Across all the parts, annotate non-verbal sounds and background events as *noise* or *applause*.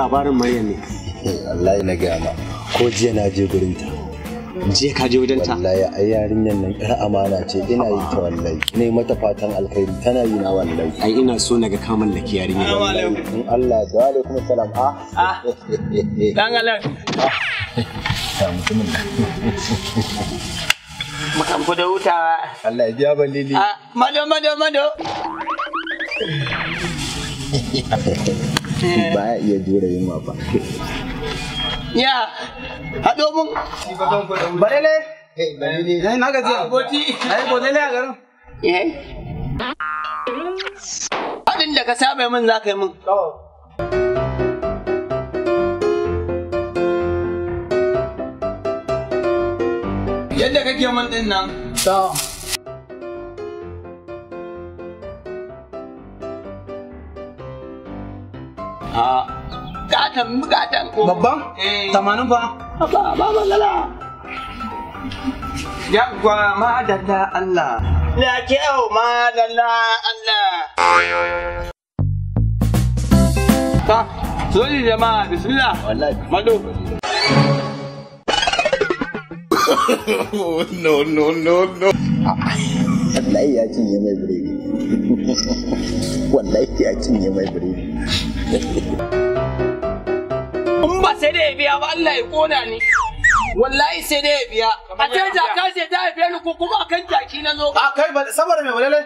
labarin Maryam ne. Wallahi na gaya ma ko jiya na je gurin ta. Je ka je wajen ta. Wallahi ai yarinyar nan ƙar amana ce ina yi ta wallahi. Ne mata fatan alkhairi tana yi na wallahi. Ai ina so naga ka mallaki yarinyar. In Allah da alaikum salam a. Ah. Ah. Dan Allah. Ta mutumin nan. Mukan da hutawa. Allah ya biya ban lili. Ah, Mado mado mado. *laughs* baya iya jure yin ba ya haɗo mun barele eh, eh, na gaji ah, a garin eh. abin da ka saba mun, za ka yi min yadda kake nan Gatan bukatan ko. Babban? Eh. Tamanin fa? Ba ba matsala. Yawwa da Allah. Na kyau da Allah. Ta, soji jama'a bismillah. Wallahi. Malu. no, no, no, no. Wallahi ya cinye mai biredi. Wallahi ya cinye mai biredi. In ba sai da ya biya ba Allah ya kona ni. Wallahi sai da ya biya. A ce jaka ce ta haife ni ko kuma akan jaki na zo. A kai ba saboda mai balele.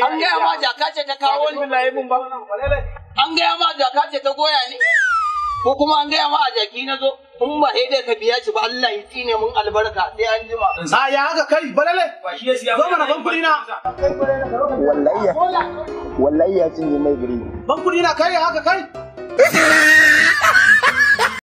An gaya ma jaka ce ta kawo ni. An gaya ma jaka ce ta goya ni. ko kuma an gaya ma a jaki na zo in ba sai dai ka biya shi ba Allah ya tsine mun albarka sai an jima sa ya haka kai balale zo mana bankuri na wallahi wallahi ya cinye mai gari bankuri na kai haka kai *laughs*